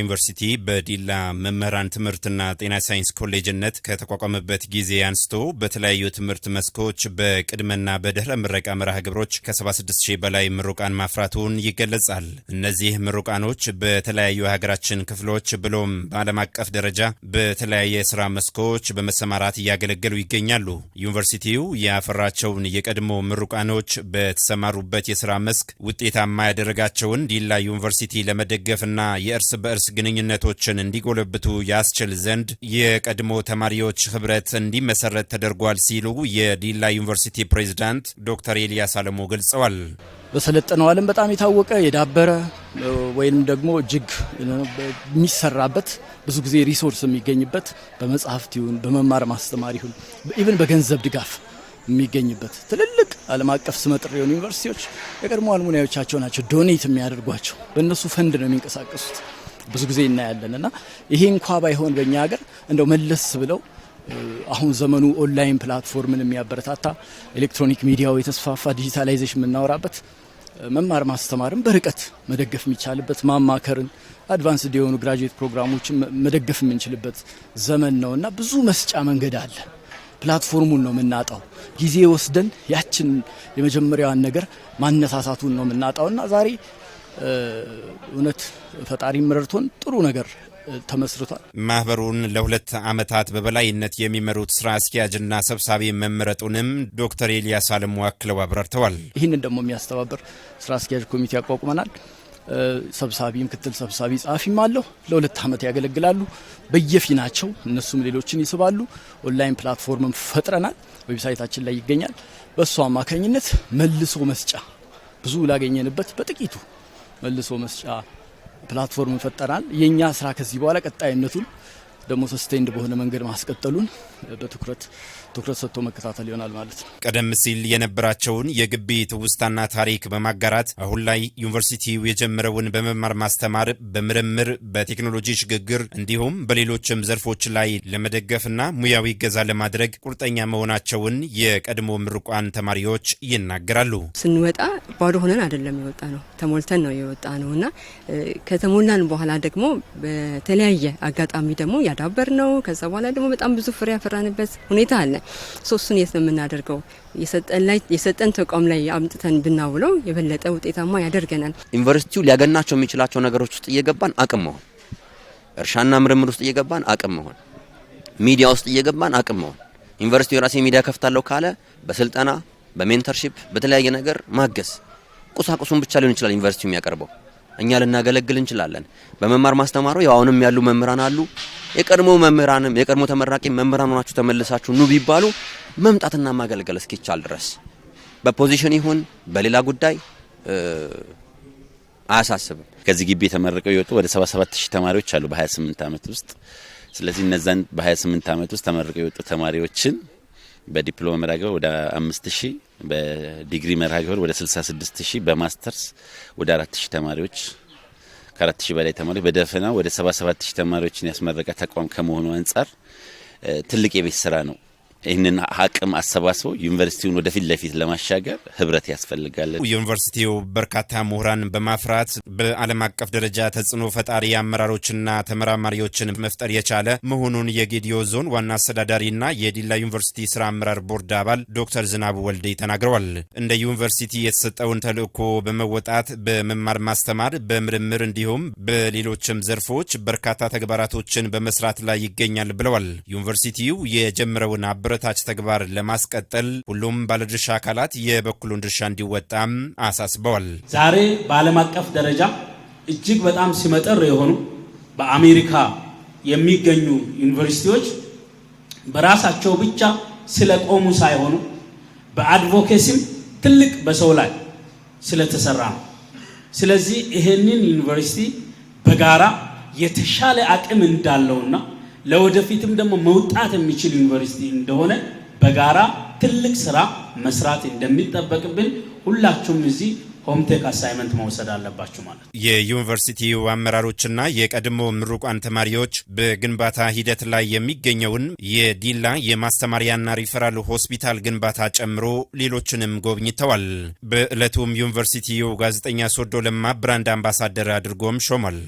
ዩኒቨርሲቲ በዲላ መምህራን ትምህርትና ጤና ሳይንስ ኮሌጅነት ከተቋቋመበት ጊዜ አንስቶ በተለያዩ ትምህርት መስኮች በቅድመና በድህረ ምረቃ መርሃ ግብሮች ከ76000 በላይ ምሩቃን ማፍራቱን ይገለጻል። እነዚህ ምሩቃኖች በተለያዩ የሀገራችን ክፍሎች ብሎም በዓለም አቀፍ ደረጃ በተለያየ የስራ መስኮች በመሰማራት እያገለገሉ ይገኛሉ። ዩኒቨርሲቲው ያፈራቸውን የቀድሞ ምሩቃኖች በተሰማሩበት የስራ መስክ ውጤታማ ያደረጋቸውን ዲላ ዩኒቨርሲቲ ለመደገፍና የእርስ በእርስ ግንኙነቶችን እንዲጎለብቱ ያስችል ዘንድ የቀድሞ ተማሪዎች ህብረት እንዲመሰረት ተደርጓል ሲሉ የዲላ ዩኒቨርሲቲ ፕሬዝዳንት ዶክተር ኤልያስ አለሙ ገልጸዋል። በሰለጠነው ዓለም በጣም የታወቀ የዳበረ ወይም ደግሞ እጅግ የሚሰራበት ብዙ ጊዜ ሪሶርስ የሚገኝበት በመጽሐፍት ይሁን በመማር ማስተማር ይሁን ኢቨን በገንዘብ ድጋፍ የሚገኝበት ትልልቅ ዓለም አቀፍ ስመጥር የሆኑ ዩኒቨርሲቲዎች የቀድሞ አልሙኒያዎቻቸው ናቸው ዶኔት የሚያደርጓቸው በእነሱ ፈንድ ነው የሚንቀሳቀሱት። ብዙ ጊዜ እናያለን እና ይሄ እንኳ ባይሆን በእኛ ሀገር እንደው መለስ ብለው አሁን ዘመኑ ኦንላይን ፕላትፎርምን የሚያበረታታ ኤሌክትሮኒክ ሚዲያው የተስፋፋ ዲጂታላይዜሽን የምናወራበት መማር ማስተማርን በርቀት መደገፍ የሚቻልበት ማማከርን አድቫንስ የሆኑ ግራጁዌት ፕሮግራሞችን መደገፍ የምንችልበት ዘመን ነው እና ብዙ መስጫ መንገድ አለ። ፕላትፎርሙን ነው የምናጣው። ጊዜ ወስደን ያችን የመጀመሪያዋን ነገር ማነሳሳቱን ነው የምናጣው እና ዛሬ እውነት ፈጣሪ መረድቶን ጥሩ ነገር ተመስርቷል። ማህበሩን ለሁለት ዓመታት በበላይነት የሚመሩት ስራ አስኪያጅና ሰብሳቢ መመረጡንም ዶክተር ኤልያስ አለሙ አክለው አብራርተዋል። ይህንን ደግሞ የሚያስተባብር ስራ አስኪያጅ ኮሚቴ አቋቁመናል። ሰብሳቢ፣ ምክትል ሰብሳቢ፣ ጸሐፊም አለው። ለሁለት ዓመት ያገለግላሉ። በየፊናቸው እነሱም ሌሎችን ይስባሉ። ኦንላይን ፕላትፎርምም ፈጥረናል። ዌብሳይታችን ላይ ይገኛል። በእሱ አማካኝነት መልሶ መስጫ ብዙ ላገኘንበት በጥቂቱ መልሶ መስጫ ፕላትፎርም ፈጠራል። የእኛ ስራ ከዚህ በኋላ ቀጣይነቱን ደግሞ ሰስቴንድ በሆነ መንገድ ማስቀጠሉን በትኩረት ትኩረት ሰጥቶ መከታተል ይሆናል ማለት ነው። ቀደም ሲል የነበራቸውን የግቢ ትውስታና ታሪክ በማጋራት አሁን ላይ ዩኒቨርሲቲው የጀመረውን በመማር ማስተማር፣ በምርምር፣ በቴክኖሎጂ ሽግግር እንዲሁም በሌሎችም ዘርፎች ላይ ለመደገፍና ሙያዊ እገዛ ለማድረግ ቁርጠኛ መሆናቸውን የቀድሞ ምርቋን ተማሪዎች ይናገራሉ። ስንወጣ ባዶ ሆነን አይደለም የወጣ ነው፣ ተሞልተን ነው የወጣ ነው እና ከተሞላን በኋላ ደግሞ በተለያየ አጋጣሚ ደግሞ አዳበር ነው። ከዛ በኋላ ደግሞ በጣም ብዙ ፍሬ ያፈራንበት ሁኔታ አለ። ሶስቱን የት ነው የምናደርገው? የሰጠን ተቋም ላይ አምጥተን ብናውለው የበለጠ ውጤታማ ያደርገናል። ዩኒቨርሲቲው ሊያገናቸው የሚችላቸው ነገሮች ውስጥ እየገባን አቅም መሆን፣ እርሻና ምርምር ውስጥ እየገባን አቅም መሆን፣ ሚዲያ ውስጥ እየገባን አቅም መሆን። ዩኒቨርሲቲ የራሴ ሚዲያ ከፍታለሁ ካለ በስልጠና በሜንተርሺፕ በተለያየ ነገር ማገዝ። ቁሳቁሱን ብቻ ሊሆን ይችላል ዩኒቨርሲቲው የሚያቀርበው እኛ ልናገለግል እንችላለን። በመማር ማስተማሩ ያው አሁንም ያሉ መምህራን አሉ። የቀድሞ መምህራንም የቀድሞ ተመራቂ መምህራን ሆናችሁ ተመልሳችሁ ኑ ቢባሉ መምጣትና ማገልገል እስኪቻል ድረስ በፖዚሽን ይሁን በሌላ ጉዳይ አያሳስብም። ከዚህ ግቢ ተመርቀው የወጡ ወደ 77 ተማሪዎች አሉ በ28 ዓመት ውስጥ። ስለዚህ እነዛን በ28 ዓመት ውስጥ ተመርቀው የወጡ ተማሪዎችን በዲፕሎማ መርሃ ወደ 5000 በዲግሪ መርሃ ወደ 66000 በማስተርስ ወደ 4000 ተማሪዎች ከአራት ሺህ በላይ ተማሪዎች በደፈና ወደ 77 ሺህ ተማሪዎችን ያስመረቀ ተቋም ከመሆኑ አንጻር ትልቅ የቤት ስራ ነው። ይህንን አቅም አሰባስበው ዩኒቨርሲቲውን ወደፊት ለፊት ለማሻገር ህብረት ያስፈልጋል። ዩኒቨርሲቲው በርካታ ምሁራን በማፍራት በዓለም አቀፍ ደረጃ ተጽዕኖ ፈጣሪ አመራሮችና ተመራማሪዎችን መፍጠር የቻለ መሆኑን የጌዲዮ ዞን ዋና አስተዳዳሪና የዲላ ዩኒቨርሲቲ ስራ አመራር ቦርድ አባል ዶክተር ዝናቡ ወልዴ ተናግረዋል። እንደ ዩኒቨርሲቲ የተሰጠውን ተልዕኮ በመወጣት በመማር ማስተማር፣ በምርምር እንዲሁም በሌሎችም ዘርፎች በርካታ ተግባራቶችን በመስራት ላይ ይገኛል ብለዋል። ዩኒቨርሲቲው የጀመረውን አብረ አበረታች ተግባር ለማስቀጠል ሁሉም ባለድርሻ አካላት የበኩሉን ድርሻ እንዲወጣም አሳስበዋል። ዛሬ በዓለም አቀፍ ደረጃ እጅግ በጣም ሲመጠር የሆኑ በአሜሪካ የሚገኙ ዩኒቨርሲቲዎች በራሳቸው ብቻ ስለቆሙ ሳይሆኑ በአድቮኬሲም ትልቅ በሰው ላይ ስለተሰራ ነው። ስለዚህ ይህንን ዩኒቨርሲቲ በጋራ የተሻለ አቅም እንዳለውና ለወደፊትም ደግሞ መውጣት የሚችል ዩኒቨርሲቲ እንደሆነ በጋራ ትልቅ ስራ መስራት እንደሚጠበቅብን ሁላችሁም እዚህ ሆምቴክ አሳይመንት መውሰድ አለባችሁ ማለት ነው። የዩኒቨርሲቲው አመራሮችና የቀድሞ ምሩቋን ተማሪዎች በግንባታ ሂደት ላይ የሚገኘውን የዲላ የማስተማሪያና ሪፈራል ሆስፒታል ግንባታ ጨምሮ ሌሎችንም ጎብኝተዋል። በዕለቱም ዩኒቨርሲቲው ጋዜጠኛ ሶዶ ለማ ብራንድ አምባሳደር አድርጎም ሾሟል።